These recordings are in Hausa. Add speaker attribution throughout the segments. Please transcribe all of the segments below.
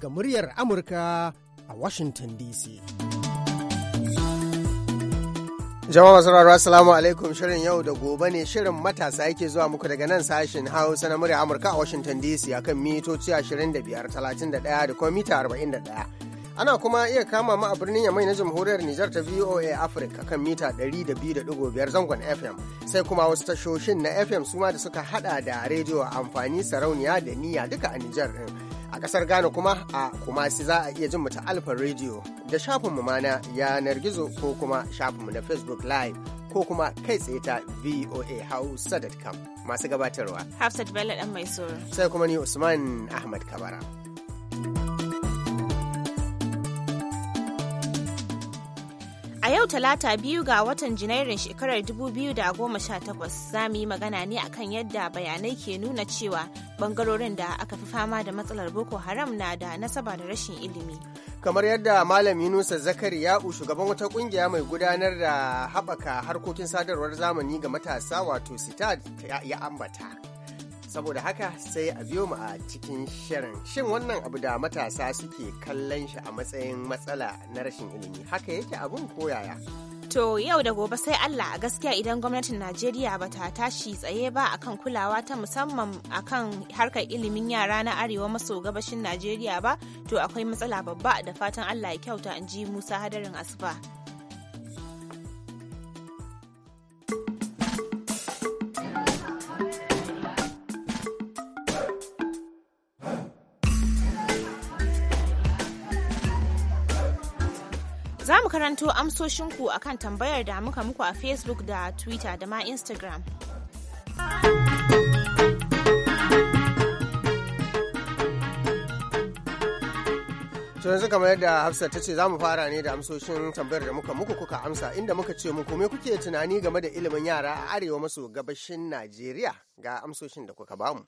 Speaker 1: daga muryar Amurka a Washington DC. Jama'a sauraro Assalamu alaikum shirin yau da gobe ne shirin matasa yake zuwa muku daga nan sashen Hausa na murya Amurka a Washington DC akan mitoci 25, 31 da kuma mita 41. ana kuma iya kama mu a birnin yamai na jamhuriyar Nijar ta VOA Africa kan mita 200.5 zangon FM sai kuma wasu tashoshin na FM suma da suka hada da rediyo amfani sarauniya da niya duka a Nijar ɗin. Ƙasar kasar Ghana kuma a Kumasi za a iya jin mu ta Alfa Radio da shafin mu mana yanar gizo ko kuma shafin mu na Facebook Live ko kuma kai tsaye ta VOA Hausa.com masu gabatarwa.
Speaker 2: Hafsat Bello ɗan mai Sai
Speaker 1: kuma ni Usman Ahmad Kabara.
Speaker 2: talata biyu ga watan janairun shekarar 2018 za mu yi magana ne akan yadda bayanai ke nuna cewa bangarorin da aka fi fama da matsalar boko haram na da nasaba da rashin ilimi
Speaker 1: kamar yadda malam yunusa zakari u shugaban wata kungiya mai gudanar da haɓaka harkokin sadarwar zamani ga matasa wato sita ya ambata saboda haka sai a biyo mu a cikin shirin shin wannan abu da matasa suke kallon shi a matsayin matsala na rashin ilimi haka yake abun koyaya
Speaker 2: To yau da gobe sai Allah a gaskiya idan gwamnatin Najeriya ba ta tashi tsaye ba akan kulawa ta musamman akan harkar ilimin yara na arewa maso gabashin Najeriya ba to akwai matsala babba da fatan Allah ya kyauta in ji Musa Hadarin Asuba. karanto amsoshinku kan tambayar da muka muku a Facebook da Twitter da ma Instagram.
Speaker 1: yanzu kamar yadda hafsa ta ce za mu fara ne da amsoshin tambayar da muka muku kuka amsa inda muka ce muku me kuke tunani game da ilimin yara a arewa maso gabashin najeriya ga amsoshin da kuka bamu.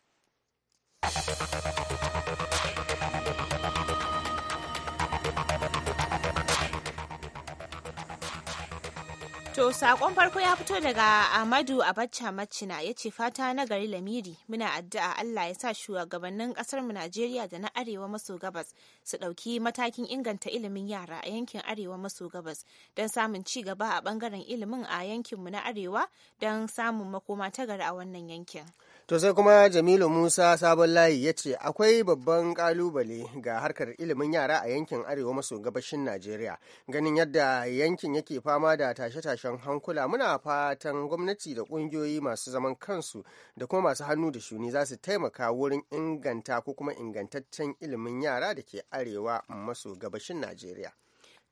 Speaker 2: To saƙon farko ya fito daga Ahmadu Abacha Macina ya ce fata na gari Lamiri muna addu'a Allah ya sa shugabannin kasar mu Najeriya da na Arewa maso gabas su ɗauki matakin inganta ilimin yara a yankin Arewa maso gabas don samun ci gaba a ɓangaren ilimin a yankin mu na Arewa don samun makoma ta gari a wannan yankin.
Speaker 1: To sai kuma Jamilu Musa Sabon Layi ya ce akwai babban kalubale ga harkar ilimin yara a yankin arewa maso gabashin Najeriya. Ganin yadda yankin yake fama da tashe-tashen hankula muna fatan gwamnati da ƙungiyoyi masu zaman kansu da kuma masu hannu da shuni za su taimaka wurin inganta ko kuma ingantaccen ilimin yara da ke arewa maso gabashin Najeriya.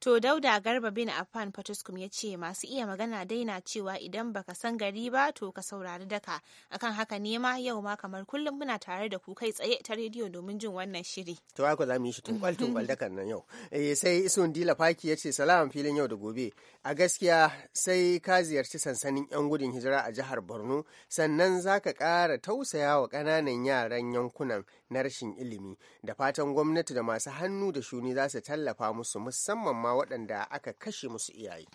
Speaker 2: To Dauda Garba bin Affan Fatuskum ya ce masu iya magana daina cewa idan baka san gari ba to ka saurari daka. Akan haka ne ma yau ma kamar kullum muna tare da ku kai tsaye ta rediyo domin jin wannan shiri.
Speaker 1: To haka za mu yi shi tunkwal tunkwal dakan nan yau. Eh sai isu Dila Faki ya ce salam filin yau da gobe. A gaskiya sai ka ziyarci sansanin yan gudun hijira a jihar Borno sannan za ka kara tausaya wa kananan yaran yankunan na rashin ilimi da fatan gwamnati da masu hannu da shuni za su tallafa musu musamman ma waɗanda aka kashe musu iyaye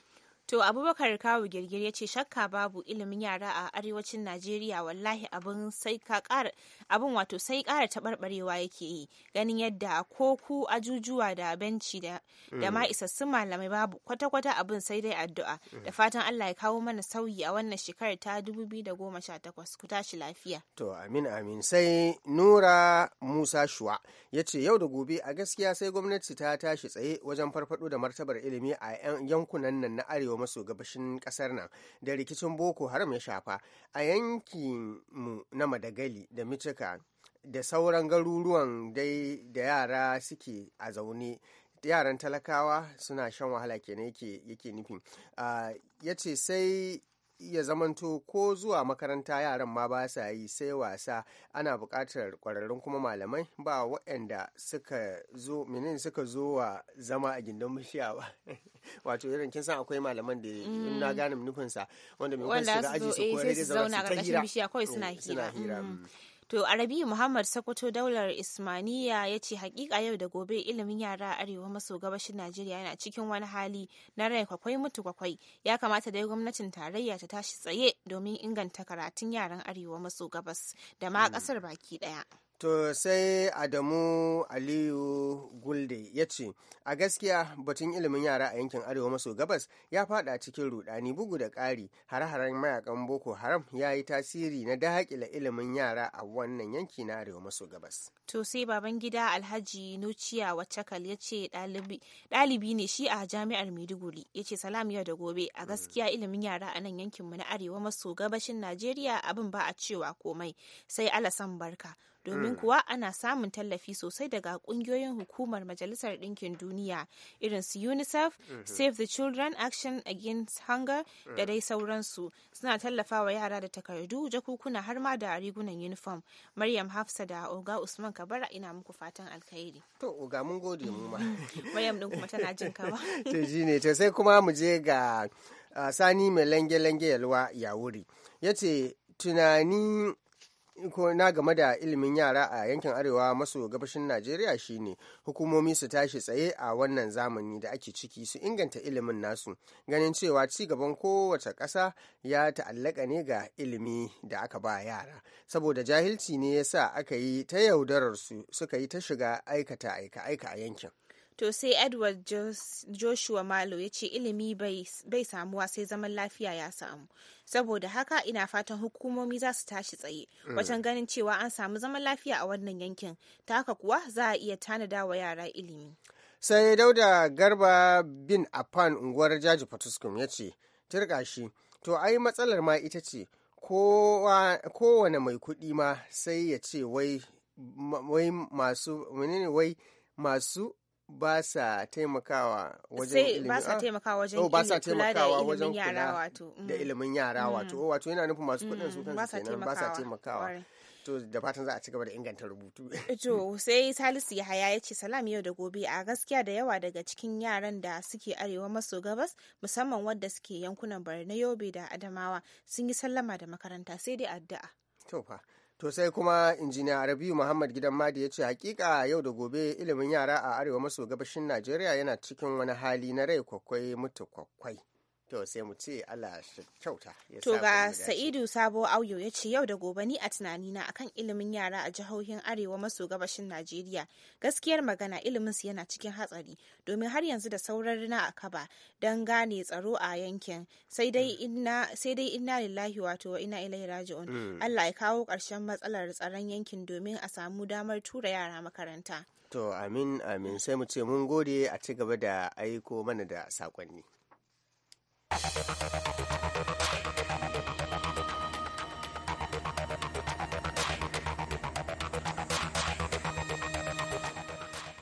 Speaker 2: To Abubakar Kawu Girgir ya ce shakka babu ilimin yara a arewacin Najeriya wallahi abin sai ka ƙara abin wato sai ƙara taɓarɓarewa yake yi ganin yadda koku ajujuwa da benci da da ma mm. isassun malamai babu kwata-kwata abin sai dai addu'a mm. da fatan Allah ya kawo mana sauyi a wannan shekarar ta 2018 ku tashi lafiya.
Speaker 1: To amin amin sai Nura Musa Shuwa ya ce yau da gobe a gaskiya sai gwamnati ta tashi tsaye wajen farfado da martabar ilimi a yankunan nan na arewa maso gabashin kasar nan da rikicin boko haram ya shafa a yankin mu na madagali da mitika da sauran garuruwan dai da yara suke a zaune yaran talakawa suna shan wahala kenan yake nufi ah, ya ce sai Ya zamanto ko zuwa makaranta yaran ma ba sa yi sai wasa ana buƙatar ƙwararrun kuma malamai ba waɗanda suka zo menene suka zo wa zama a gindin bishiya ba wato irin kin san akwai malaman da in na mm. gane nufinsa wanda mai kwanci da aji su eh, kore da zama su ta hira eh, suna
Speaker 2: hira mm. Mm. To Arabi Muhammad Sokoto daular Ismaniya ya ce hakika yau da gobe ilimin yara arewa maso gabashin Najeriya yana cikin wani hali na rai kwakwai mutu kwakwai ya kamata dai gwamnatin tarayya ta tashi tsaye domin inganta karatun yaran arewa maso gabas da ma hmm. kasar baki daya.
Speaker 1: To sai Adamu Aliyu Gulde ya ce, A gaskiya batun ilimin yara a yankin Arewa maso gabas ya fada cikin rudani bugu da ƙari hare-haren mayakan Boko Haram ya yi tasiri na daƙila ilimin yara a wannan yanki na Arewa maso gabas.
Speaker 2: To sai baban gida Alhaji Nuciya Wacakal ya ce ɗalibi ne shi a jami'ar Maiduguri ya ce salam yau da gobe a mm. gaskiya ilimin yara a nan yankinmu na Arewa maso gabashin Najeriya abin ba a cewa komai sai alasan barka. domin mm. kuwa ana samun tallafi sosai daga kungiyoyin hukumar majalisar ɗinkin duniya irin su unicef mm-hmm. save the children action against hunger da mm. dai sauransu suna tallafawa yara da takardu jakukuna har ma da rigunan uniform maryam hafsa da oga usman kabara ina muku fatan alkhairi to oga
Speaker 1: mun gode mu ma
Speaker 2: maryam din kuma tana jin kawa to
Speaker 1: ne to sai kuma mu je ga ah, sani mai lange-lange yalwa ya wuri ya ce tunani na game da ilimin yara a yankin arewa maso gabashin najeriya shine hukumomi su tashi tsaye a wannan zamani da ake ciki su inganta ilimin nasu ganin cewa ci gaban kowace ƙasa ya ta'allaka ne ga ilimi da aka ba yara saboda jahilci ne ya sa aka yi ta yaudararsu suka yi ta shiga aikata aika aika a yankin
Speaker 2: To sai Edward Joshua Malo ya ce ilimi bai samuwa sai zaman lafiya ya samu. Saboda haka ina fatan hukumomi za su tashi tsaye mm. wajen ganin cewa an samu zaman lafiya a wannan yankin. Ta haka kuwa za a iya tanada wa yara ilimi.
Speaker 1: Sai Dauda Garba bin Afan unguwar Jaji Fatuskum ya ce, Turka shi, to ai matsalar ma ita ce, kowane mai kuɗi ma sai ya ce wai masu ba sa taimakawa wajen ilimin ba sa ah, taimakawa wajen oh, ba sa taimakawa wajen da mm. ilimin yara mm. wato oh, wato yana nufin masu kudin su mm, kansu kenan ba sa taimakawa to da fatan za a ci gaba da inganta rubutu
Speaker 2: eh, to sai salisu yahaya ya ce salam yau da gobe a gaskiya da yawa daga cikin yaran da suke arewa maso gabas musamman wadda suke yankunan borno yobe da adamawa sun yi sallama da makaranta sai dai addu'a
Speaker 1: to fa to sai kuma injiniya arabiyu muhammad gidan madi ya ce hakika yau da gobe ilimin yara a arewa maso gabashin najeriya yana cikin wani hali na rai kwakwai mutu kwakwai to sai mu ce Allah kyauta to ga sa'idu
Speaker 2: sabo auyo ya ce yau da gobe ni a tunanina akan ilimin yara a jihohin arewa maso gabashin najeriya gaskiyar magana ilimin su yana cikin hatsari domin har yanzu da sauran na a kaba don gane tsaro a yankin sai dai mm. inna lillahi wato wa inna ilaihi raji'un mm. Allah ya kawo ƙarshen matsalar tsaron yankin domin a samu damar tura yara makaranta
Speaker 1: to amin amin sai mu ce mun gode a ci gaba da aiko mana da sakonni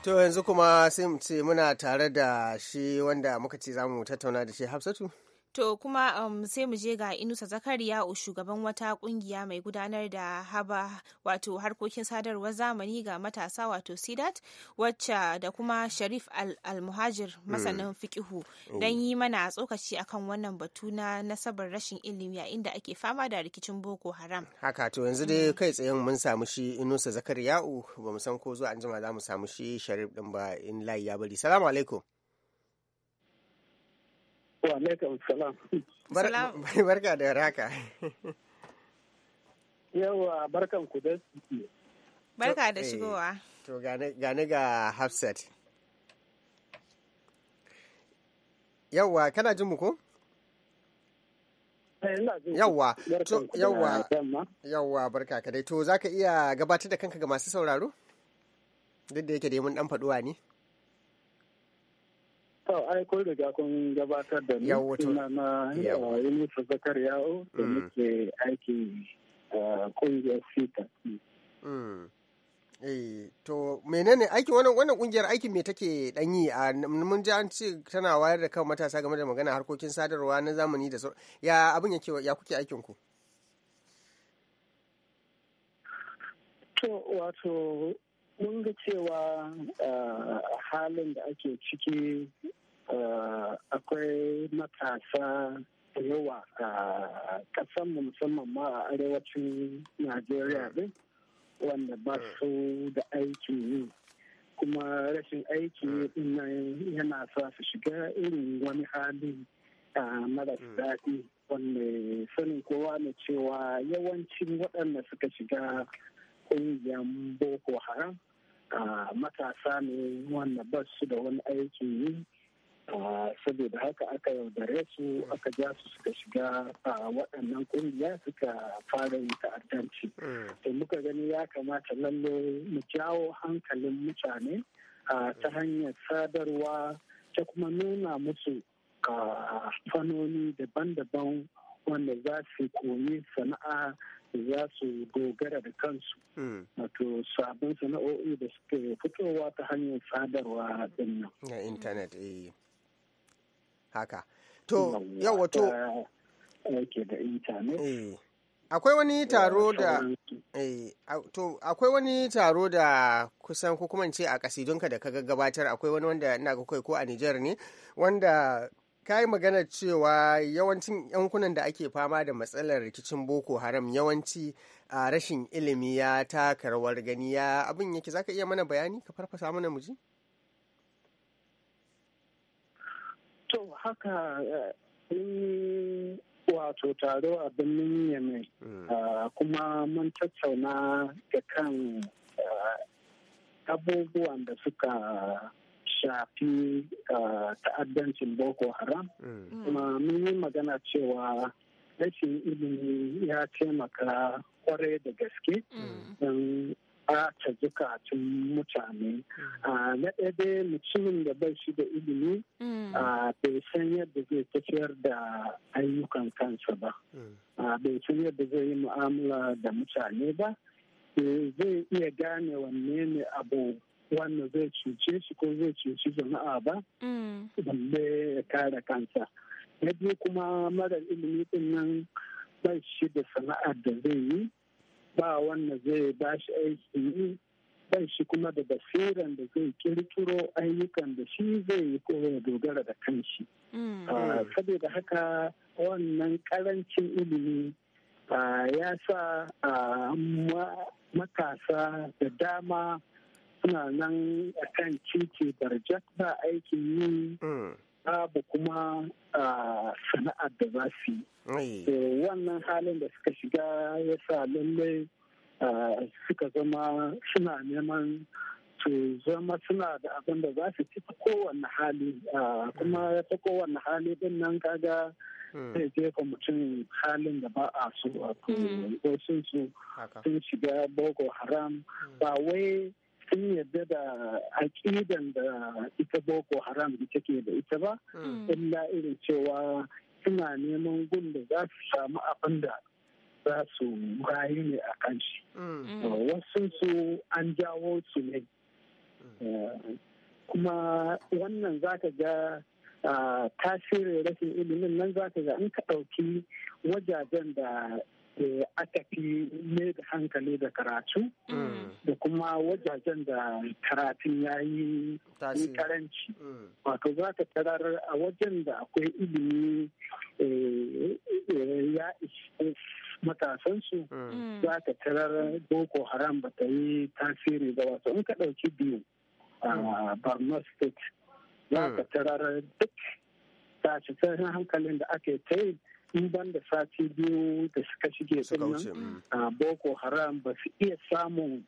Speaker 1: To yanzu kuma sai mu ce muna tare da shi wanda muka ce za mu tattauna da shi Hafsatu.
Speaker 2: To kuma um, sai mu je ga Inusa Zakariya shugaban wata kungiya mai gudanar da haba wato harkokin sadarwar zamani ga matasa wato Sidat wacce da kuma Sharif Al-Muhajir al hmm. masanin fikihu oh. don yi mana tsokaci akan wannan batu na nasabar rashin ilimi a inda ake fama da rikicin Boko Haram.
Speaker 1: Haka to yanzu dai kai tsayen mun samu shi Inusa Zakariya'u ba mu san ko zuwa anjima za mu samu shi Sharif din ba in layi ya bari. Assalamu alaikum.
Speaker 3: Wa alaikum salam.
Speaker 1: Barka da raka. Yawa barkan ku da
Speaker 2: Barka da eh, shigowa.
Speaker 1: To gane ga Hafsat. Yawa kana jin mu ko? Yawa, yawa, yawa barka ka dai. To zaka iya gabatar da kanka ga masu sauraro? Duk da yake dai mun dan faduwa ne.
Speaker 3: To, ai, da ga kun gabatar da ni suna na Yunusu Zakar Yawo da muke mm. aiki a eh, kungiyar Sita.
Speaker 1: Mm. Eh, to menene aikin wannan wannan kungiyar aikin me take dan yi a mun ji an ce tana wayar da kan matasa game da magana harkokin sadarwa na zamani da ya abin yake ya kuke aikin ku
Speaker 3: to wato mun ga cewa eh, halin da ake ciki eh, akwai matasa da yawa a ƙasanmu musamman ma a arewacin najeriya din wanda ba su da aikin yi kuma rashin aiki nan yana sa su shiga irin wani hali a eh, maras hmm. daɗi wanda sanin kowa ne cewa yawancin waɗanda suka shiga ƙungiyar boko haram a matasa ne wanda ba su da wani aiki yi saboda haka aka yaudare su aka ja su suka shiga a waɗannan ƙungiya suka fara yi ta'addanci mm. to muka gani ya kamata lalle mu jawo hankalin mutane ta hanyar sadarwa ta kuma nuna musu fanoni daban-daban wanda za su koyi sana'a za su dogara da kansu hmm. wato sabon sana'o'i da suke fitowa ta hanyar sadarwa din nan
Speaker 1: na intanet eh haka to yau wato ke da intanet eh. akwai wani taro da eh, to akwai wani taro da kusan ko kuma ce a kasidunka da ka gabatar akwai wani wanda ina ga kai ko a nijar ne wanda ka yi magana cewa yawancin yankunan da ake fama da matsalar rikicin boko haram yawanci a rashin ilimi ya taka rawar gani ya abin yake zaka iya mana bayani ka farfasa mana muji to
Speaker 3: haka eh, wato taro a birnin yamai hmm. kuma mun tattauna da kan eh, abubuwan da suka shafi eh, ta'addancin boko haram
Speaker 4: hmm. Hmm. kuma
Speaker 3: mun yi magana cewa rashin ilimi ya taimaka kwarai da gaske hmm. don ɓata zukatun mutane ah, na ɗaya mutumin da bai shi da ilimi ah, bai san yadda zai tafiyar da ayyukan kansa ba ah, bai san yadda zai yi mu'amala da mutane ba eh, zai iya gane wanne ne abu wannan zai cuce shi ko zai cuci jama'a ba
Speaker 4: balle
Speaker 3: mm. ya kare kansa na biyu kuma mara ilimi din nan ba shi da sana'ar da zai yi ba wannan zai ba shi aiki yi ba shi kuma da basiran da zai kirkiro ayyukan da shi zai yi ko ya dogara da kanshi
Speaker 4: mm. ah,
Speaker 3: saboda haka wannan karancin ilimi ah, ya sa ah, matasa da dama suna nan a kan titi barjak ba aikin yi hmm. babu kuma sana'ar da za su yi wannan halin da suka shiga ya sa lallai suka zama suna neman su zama suna da abin da za su ci ta kowane hali kuma hmm. ta kowane hali din nan kaga hmm. zai jefa mutum halin da ba a so a sun su sun shiga boko haram ba wai sun yadda da aƙidan da ita boko haram da take da ita ba hmm. illa irin cewa suna neman gun da za su samu abin da za su rayu ne a kan shi
Speaker 4: hmm. hmm. uh,
Speaker 3: wasu su an jawo su ne uh, kuma wannan za ka ga uh, tasirin rashin ilimin nan za ka ga an ka ɗauki wajajen da aka fi ne da hankali da karatu mm. da kuma wajajen da karatun ya yi karanci mm. wato za ka tarar a wajen da akwai ilimi eh, eh, ya ishe matasansu mm. za ka tarar boko haram ba ta yi tasiri ba wato in ka ɗauki biyu a Barnard state za ka tarar duk tashe hankalin da ake ta yi in ban da sati biyu da suka shige mm. a boko haram ba su iya samun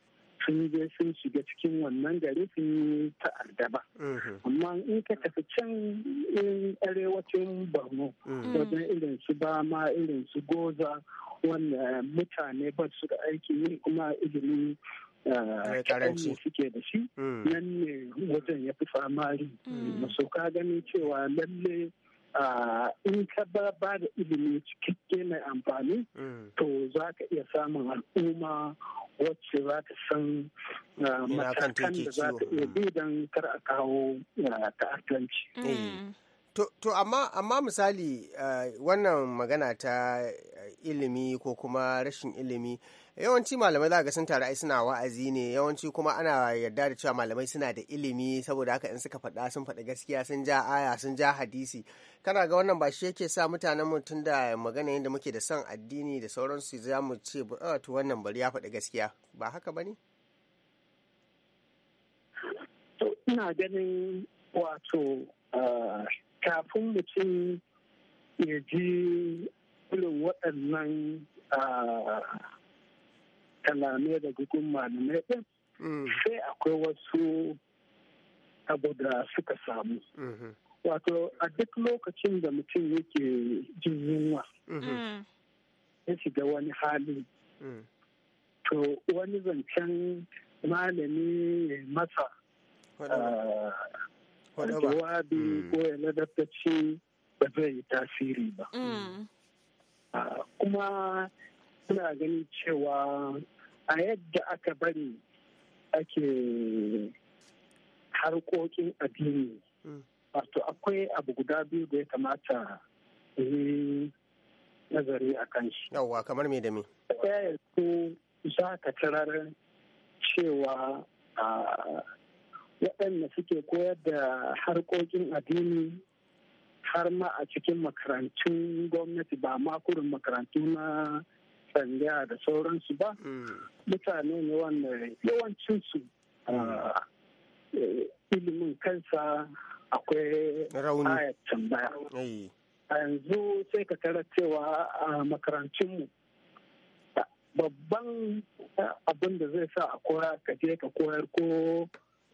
Speaker 3: sun je sun shiga cikin wannan gari sun yi ta'adda ba mm-hmm. amma in ka tafi can in arewacin borno mm. wajen irin su ba ma irin su goza wanda mutane ba su da aiki ne kuma ilimi karanci suke da shi
Speaker 4: mm. nan
Speaker 3: ne wajen ya fi famari masu ka ganin cewa lalle in ka ba da ilimi cikakke mai amfani mm. to za ka iya samun al'umma wacce za ka san matakan da za ka iya mm. bi don kar a kawo ta'addanci. Eh.
Speaker 1: To, amma, misali wannan magana ta ilimi ko kuma rashin ilimi yawanci malamai za ga sun taru ai suna wa'azi ne yawanci kuma ana yarda da cewa malamai suna da ilimi saboda haka in suka faɗa sun faɗi gaskiya sun ja aya sun ja hadisi kana ga wannan ba shi yake sa mutanen mu tun da magana yadda muke da son addini da sauransu za mu ce ah, to wannan bari ya faɗi gaskiya ba haka ba ne?
Speaker 3: ina ganin wato ah, kafin mutum ya ji irin waɗannan ah, kalamai da gugun malamai ɗin mm. sai akwai wasu abu da suka samu mm-hmm. wato a duk lokacin da mutum yake jin yunwa mm-hmm. mm. ya shiga wani hali mm. to wani zancen malami masa ah, jawabi ko ya ladabtaci ba zai yi tasiri ba ah, kuma suna ganin cewa a yadda aka bari ake
Speaker 1: harkokin addini mm. wato akwai abu guda biyu da ya kamata yi nazari a kan shi yawwa kamar me da me ɗaya
Speaker 3: yanzu za ka tarar cewa waɗanda suke koyar da harkokin addini har ma a cikin makarantun gwamnati ba makurin makarantu na sanda da sauransu ba hmm. mutane ne wanda yawancinsu ah, eh, ilimin kansa akwai ayat tambaya a yanzu sai ka tara cewa a makarantunmu babban ah, abin da zai sa a kora ka je ka koyar ko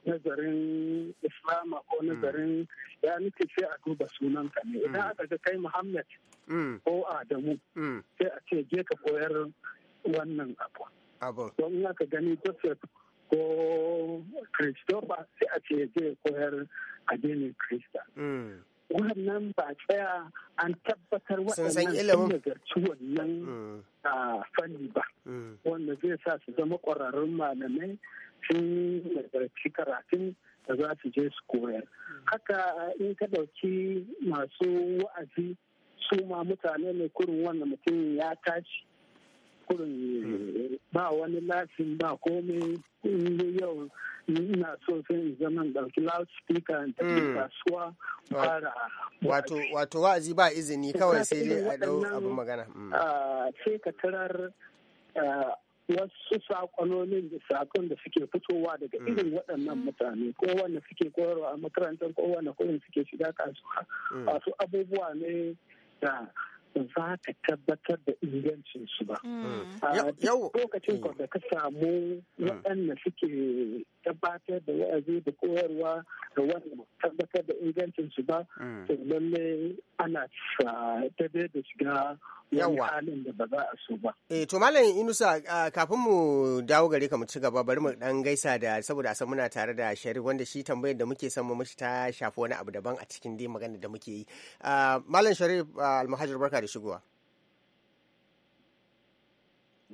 Speaker 3: nazarin islama ko hmm. nazarin ya nake sai a duba sunan ka ne idan hmm. aka ga kai muhammad hmm. ko adamu sai a ce je ka koyar wannan abu don aka gani joseph ko christopher sai a ce je koyar addinin krista wannan ba tsaya an tabbatar waɗannan sun nan wannan fanni ba Mm. wanda zai sa su zama ƙwararrun malamai sun nazarci karatun da za su je su koyar mm. haka in ka ɗauki masu wa'azi su ma mutane ne kurin wanda mutum ya tashi kurin mm. ba wani lafin ba komai yau ina
Speaker 1: so in zama ɗauki loudspeaker da kasuwa fara wato wato wa'azi ba izini kawai sai dai a ɗau abin magana ah, sai ka tarar
Speaker 3: Eh, wasu sakonomin da sakon da suke fitowa daga mm. irin waɗannan mutane ko wanda suke koyarwa a makarantar ko wanda suke shiga kasuwa mm. wasu abubuwa ne da za ka tabbatar da ingancin su ba. Mm. Ah, yau lokacin da ka samu waɗanda suke tabbatar da wa'azi da koyarwa da wanda tabbatar da ingancin su ba, to lalle ana ta da shiga yawa
Speaker 1: eh to malam inusa kafin mu dawo gare ka mu ci gaba bari mu dan gaisa da saboda a san muna tare da sharif wanda shi tambayar da muke son mu mishi ta shafi wani abu daban a cikin dai magana da muke yi malam sharif almahajir barka da shigowa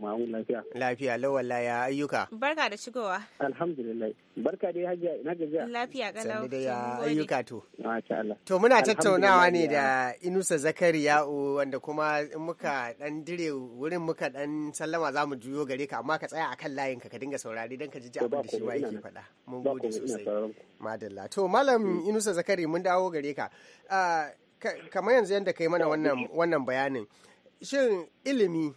Speaker 1: Ma'amu lafiya. Lafiya lawalla ya ayyuka.
Speaker 2: Barka da shigowa.
Speaker 1: Alhamdulillah.
Speaker 2: Barka dai hajiya ina gajiya. Lafiya kalau. Sannu da ya ayyuka
Speaker 1: to. Masha Allah. To muna tattaunawa ne da Inusa Zakariya'u wanda kuma in muka dan dire wurin muka dan sallama za mu juyo gare ka amma ka tsaya kan layin ka ka dinga saurari dan ka ji abin da shi wa yake faɗa. Mun gode sosai. Madalla. To malam mm. Inusa Zakari mun dawo gare ka. Ah, kamar yanzu yadda kai mana wannan bayanin. Shin ilimi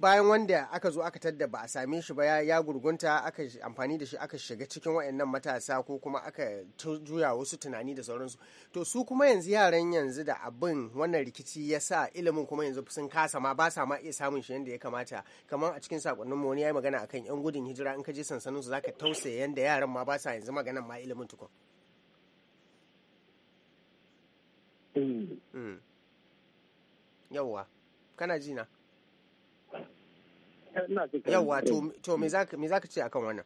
Speaker 1: bayan wanda aka zo aka tadda ba a same shi ba ya gurgunta aka amfani da shi aka shiga cikin wayannan matasa ko kuma aka juya wasu tunani da sauransu to su kuma yanzu yaran yanzu da abin wannan rikici ya sa ilimin kuma yanzu sun kasa ma ba sa ma iya samun shi yadda ya kamata kamar a cikin sakonnin mu wani ya magana akan yan gudun hijira in ka je sansanin su zaka tausaya yanda yaran ma ba sa yanzu maganan ma ilimin tukun hmm. hmm. yawwa kana ji na yawa to eh. me za ka ce akan wannan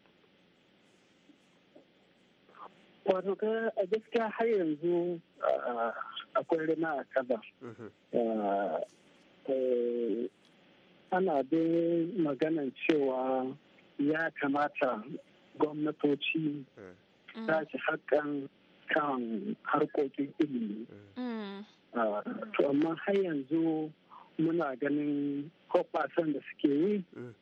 Speaker 1: wato ka a gaskiya har yanzu ah, akwai
Speaker 3: rina a kaba
Speaker 4: mm-hmm. ah,
Speaker 3: eh, ana da maganan cewa ya kamata gwamnatoci ci mm. hakan kan harkokin ilimi mm. Mm. Ah, to amma har yanzu muna ganin kwafasan da suke yi mm.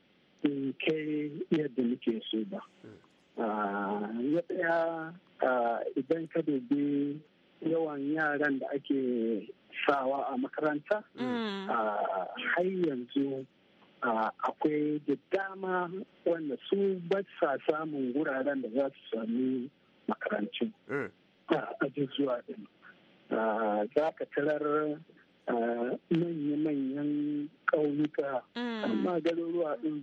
Speaker 3: in kai yadda muke so ba. Ya mm. ah, ɗaya ah, idan ka dubi yawan yaran da ake sawa a makaranta, mm. ah, har yanzu akwai da dama wanda su ba sa samun wuraren da za su sami makarantu a zuwa ɗin. Za ka tarar manya-manyan ƙauyuka mm. amma garuruwa ɗin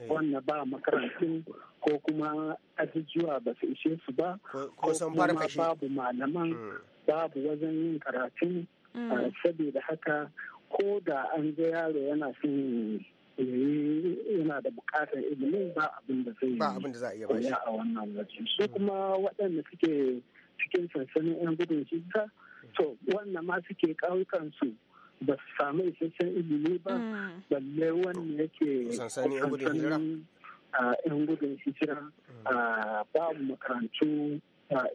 Speaker 3: eh. wanda ba makarantun ko kuma ajujuwa ba su ishe su ba
Speaker 4: ko kuma babu
Speaker 3: malaman mm. babu wajen yin karatu mm. saboda haka ko da an ga yaro yana son yana da bukatar ilimin ba abin zai yi za a wannan waje su kuma waɗanda suke cikin sansanin yan gudun hijira to wannan ma suke su ba su samu isasshen ilimi ba hmm. balle wannan yake a yan gudun hijira hmm. a babu makarantu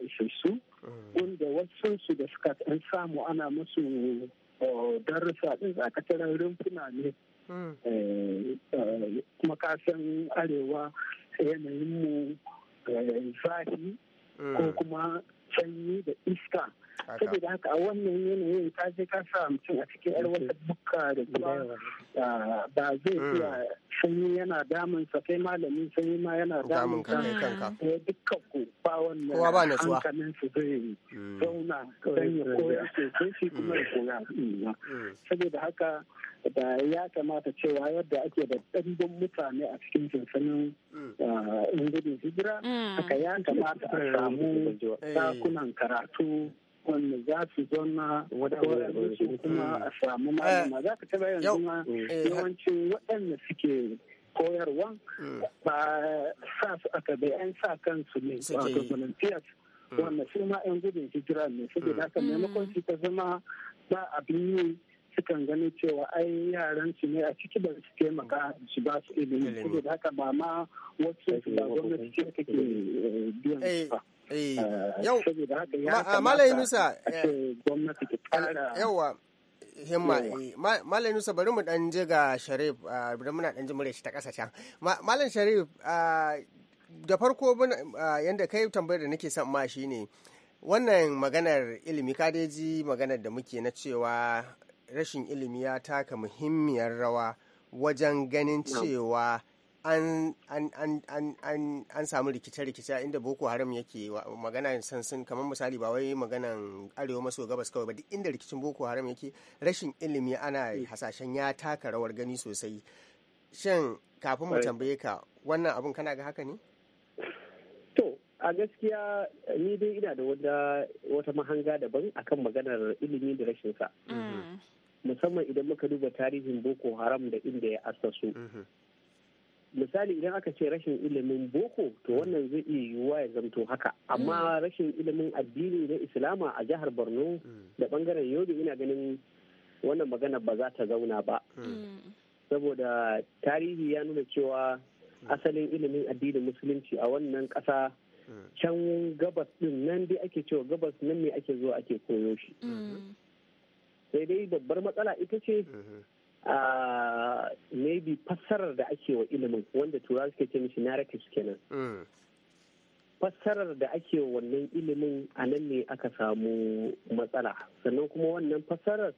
Speaker 3: isassu hmm. wanda wasu su da suka ɗan samu ana musu darussa ɗin zakatarar rumfuna ne eh, eh, kuma kasan arewa mu eh, zafi ko kuma canyi da iska saboda haka a wannan yanayin ka je ka sa mutum a cikin yar wata bukka mm-hmm. da kuma ba zai mm. iya sanyi yana damun sa kai malami sanyi ma yana damun ka eh, dukkan ku ba wannan hankalin su zai mm. zauna dan ya koya sosai shi kuma ya koya mm. saboda haka da ya kamata cewa yadda ake da ɗanbin mutane a cikin sansanin yan ah, gudun hijira haka ya kamata a eh, samu dakunan eh. karatu wanda za su zauna wadanda su kuma a samu eh. malama za ka taba yanzu ma eh, yawancin waɗanda suke koyarwa hmm. ba sa su aka bai an sa kansu ne wato volunteers hmm. wanda su ma 'yan gudun hijira ne saboda haka hmm. maimakon su ta zama ba abin yi sukan gani cewa ai yaran su ne a ciki ba su taimaka su ba su ilimi saboda haka ba ma wasu su ba gwamnati ce take eh, biyan su ba. Eh, eh, yau malai nusa
Speaker 1: eh, bari mu dan je ga sharif ah, bari muna dan mure shi ta can malam sharif ah, da farko ah, yadda kai tambayar da nake son ma shine wannan maganar ilimi kadeji maganar da muke na cewa rashin ilimi ya taka muhimmiyar rawa wajen ganin cewa an samu rikice-rikice a inda boko haram yake magana sansun kamar misali ba wai maganan arewa maso gabas kawai ba duk inda rikicin boko haram yake rashin ilimi ana mm. hasashen ya taka rawar gani sosai shin kafin mu tambaye ka wannan abun kana ga haka ne to a
Speaker 3: gaskiya ni dai ina da wata mahanga daban akan maganar ilimi da rashin sa mm. musamman idan muka duba tarihin boko haram da inda ya assasu misali idan aka ce rashin ilimin boko to wannan zai iya yiwuwa ya zamto haka amma hmm. rashin ilimin addini na islama a jihar borno hmm. da bangaren yobe ina ganin wannan magana ba za ta zauna ba hmm. saboda tarihi ya nuna cewa asalin ilimin addinin musulunci a wannan ƙasa can gabas din nan dai ake cewa gabas nan ne ake zuwa ake koyo shi sai dai babbar matsala ita ce Uh, maybe fassarar da ake wa ilimin wanda turawa suke ce mishi narrative kenan mm. fassarar da ake wa wannan ilimin a nan ne aka samu matsala sannan kuma wannan fassarar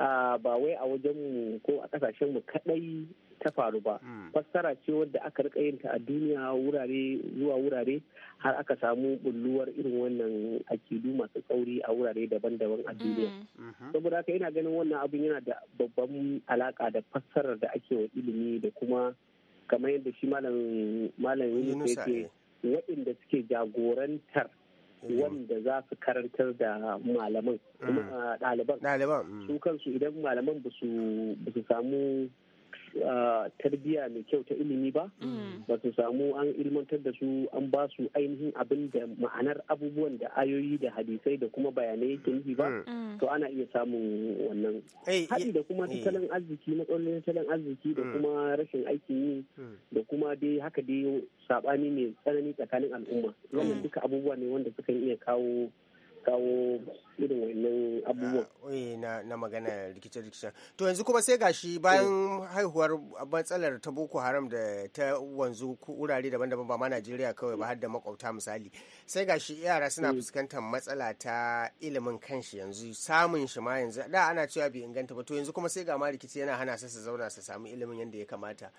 Speaker 3: uh, ba wai a wajenmu ko a kasashenmu kaɗai. ta faru ba hmm. fassara ce wadda aka rika yin ta a duniya wurare zuwa wurare har aka samu bulluwar irin wannan akidu masu tsauri a wurare daban-daban a duniya
Speaker 4: hmm. Hmm.
Speaker 3: saboda haka yana ganin wannan abin yana da babban alaka da fassarar da ake wa ilimi da kuma kamar yadda shi malam yunus yake eh. waɗanda suke jagorantar wanda za su karantar da malaman kuma ah, ɗaliban su kansu idan malaman ba su samu tarbiyya mai kyau ta ilimi ba mm. ba su samu an ilmantar da su an ba su ainihin abin da ma'anar abubuwan da ayoyi da hadisai da kuma bayanai yake nufi ba mm. Mm. to ana iya samun wannan haɗi da kuma eh. tattalin arziki matsalolin tattalin arziki da kuma rashin aikin yi da kuma dai haka dai saɓani mai tsanani tsakanin al'umma wannan
Speaker 1: duka abubuwa ne wanda sukan iya kawo kawo irin wannan abubuwan. Ah, na magana rikice-rikice. To yanzu kuma sai gashi bayan haihuwar matsalar ta Boko Haram da ta wanzu wurare daban-daban ba ma Najeriya kawai ba har da makwabta misali. Sai gashi yara suna mm. fuskantar matsala ta ilimin kanshi yanzu samun shi ma yanzu da ana cewa bai inganta ba to yanzu kuma sai ga ma rikici yana hana su su zauna su samu ilimin yadda ya kamata.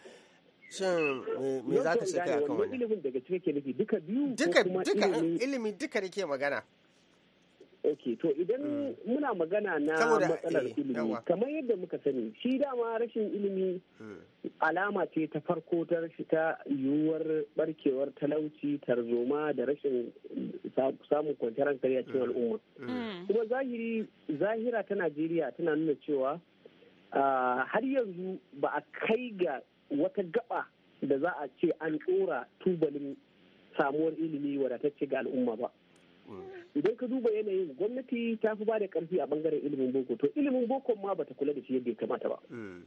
Speaker 1: shin me za ka shirya kan wannan ilimin daga cikin ke nufi duka biyu duka duka ilimi duka da ke magana ok to idan mm. muna magana na matsalar eh, ilimi
Speaker 3: kamar yadda muka sani shi dama rashin ilimi mm. alama ce ta farko ta rashi ta yiwuwar barkewar talauci tarzoma da rashin samun kwanciyar hankali a cikin mm. al'umma kuma zahiri zahira ta najeriya tana nuna cewa ah, har yanzu ba a kai ga wata gaba da za a ce an ɗora tubalin samuwar ilimi wadatacce ga al'umma ba idan ka duba yanayin gwamnati ta fi ba da karfi a bangaren ilimin boko to ilimin boko ma bata kula da shi yadda ya kamata ba mm.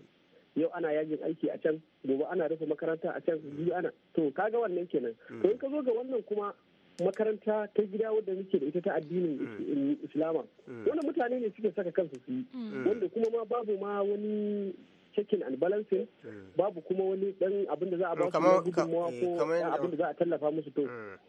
Speaker 3: yau ana yajin aiki a can gobe ana rufe makaranta a can biyu ana to kaga wannan kenan mm. to in ka zo ga wannan kuma makaranta ta gida wadda muke da ita ta addinin mm. islama wanda mutane ne suke saka kansu su yi wanda kuma ma babu ma wani checking and babu kuma wani dan abin za a ba su gudunmawa ko abin za a tallafa musu to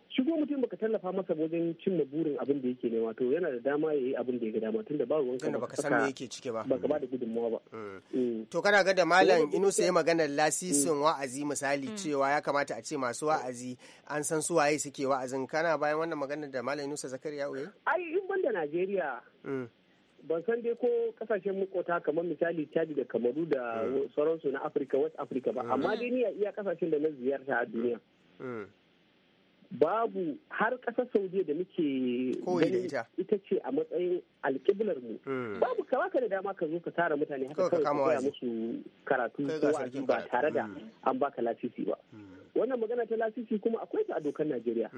Speaker 3: shigo kuma mutum baka
Speaker 1: tallafa masa wajen cimma burin abin da yake nema to yana da dama ya yi abin da ya ga dama tunda ba ruwan ka baka san me yake ciki ba baka ba da gudunmawa ba
Speaker 3: mm. Mm.
Speaker 1: to kana ga da malam Inusa ya maganar lasisin mm. wa'azi misali cewa ya kamata a ce masu wa'azi an san su waye suke wa'azin kana bayan wannan magana da malam Inusa Zakariya Oye ai in banda Najeriya ban san dai ko
Speaker 3: kasashen makota kamar misali chadi da kamaru da sauransu na afirka west africa ba amma dai ni a iya kasashen da na ziyarta a duniya babu har ƙasar saudiya da muke gani ita ce a matsayin alƙiblar mu hmm. babu kama ka da dama ka zo ka tara mutane haka kawai ka koya musu karatu ko wa'azi ba tare da hmm. an baka lasisi ba hmm. wannan magana ta lasisi kuma akwai ta a dokar najeriya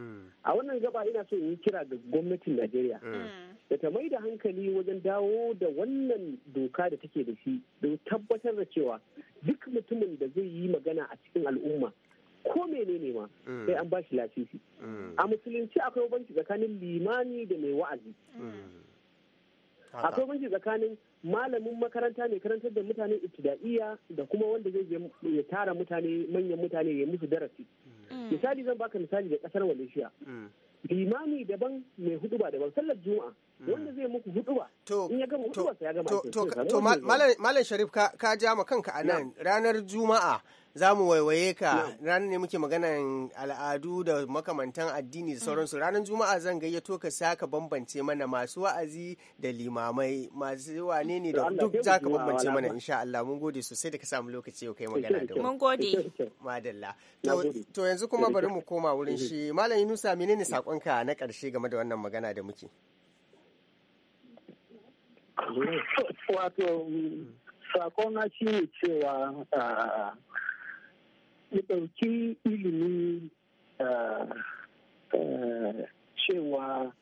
Speaker 3: a wannan gaba ina so in yi kira ga gwamnatin najeriya da ta mai da hankali wajen dawo da wannan doka da take da shi don tabbatar da cewa duk mutumin da zai yi magana a cikin al'umma ko menene ma mm. sai an bashi lasisi mm. a musulunci akwai banki tsakanin limani da mai wa'azi mm. akwai banki tsakanin malamin makaranta mai karantar da mutane ibtida'iyya da kuma wanda zai ya tara mutane manyan mutane ya musu darasi misali zan baka misali da kasar walishiya limami daban mai huduba daban sallar juma'a wanda zai muku huduba in ya gama huduba ya gama to malam
Speaker 1: sharif ka ja ma kanka nan ranar juma'a za mu waiwaye ka ranar ne muke maganan al'adu da makamantan addini da mm. sauransu ranar juma'a zan gayyato ka saka bambance mana masu wa'azi da limamai masu wane ne da duk za ka bambance mana insha Allah mun gode sosai da ka samu lokaci yau kai magana da mun gode madalla to yanzu kuma bari mu koma wurin mm-hmm. shi malam Yunusa menene ka na karshe game da wannan magana da muke wato sakon na shi ne cewa ah,
Speaker 3: ɗauki ilimi eh, eh, cewa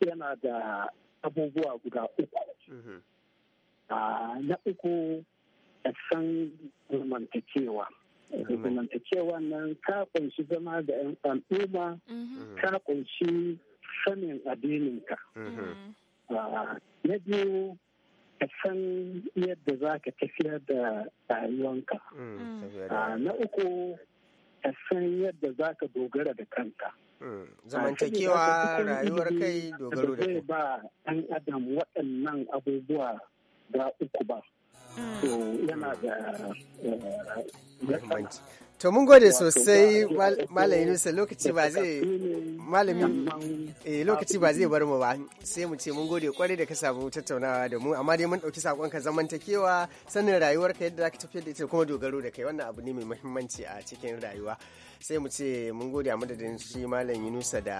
Speaker 3: yana da abubuwa guda uku. Mm-hmm. Ah, na uku san zamantakewa. Zamantakewa nan ka kunshi zama da 'yan al'umma, ka
Speaker 4: mm-hmm.
Speaker 3: kunshi sanin addininka.
Speaker 4: Mm-hmm. Ah,
Speaker 3: na biyu ka san yadda za ka tafiya da rayuwanka.
Speaker 4: Mm, mm. Ah, na
Speaker 3: uku ka san yadda za ka dogara da kanka.
Speaker 4: Mm, ah, Zamantakewa rayuwar kai dogaro da kai.
Speaker 3: ba ɗan adam waɗannan abubuwa
Speaker 1: ga uku ba. To yana da eh, muhimmanci. To mun gode sosai Malam Yunusa lokaci ba zai malami eh lokaci ba zai bar mu ba sai mu ce mun gode kwarai da ka samu tattaunawa da mu amma dai mun dauki sakon ka zamantakewa sanin rayuwarka yadda zaka tafiyar da ita kuma dogaro da kai wannan abu ne mai muhimmanci a cikin rayuwa. sai mu ce mun gode a madadin shi malam yunusa da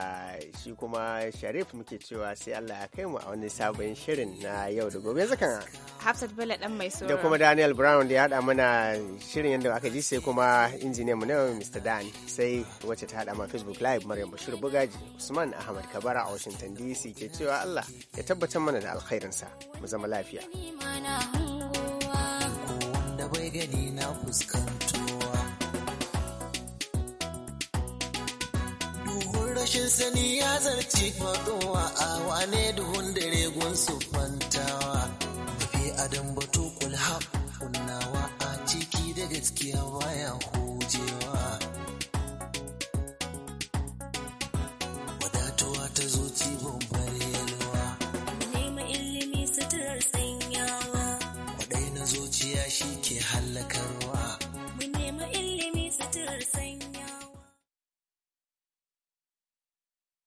Speaker 1: shi kuma sharif muke cewa sai allah ya kai mu a wani sabon shirin na yau da gobe zakan
Speaker 2: hafsat bello dan mai da kuma
Speaker 1: daniel brown da ya haɗa mana shirin yadda aka ji sai kuma injiniyan mu na mr dan sai wacce ta hada ma facebook live maryam bashir bugaji usman ahmad kabara a washington dc ke cewa allah ya tabbatar mana da alkhairinsa mu zama lafiya
Speaker 2: da na fuskanto
Speaker 1: rashin sani ya zarci faɗowa a wane duhun dare gunsu fantawa
Speaker 3: mafi adam batu kulhab kunnawa a ciki da gaskiya baya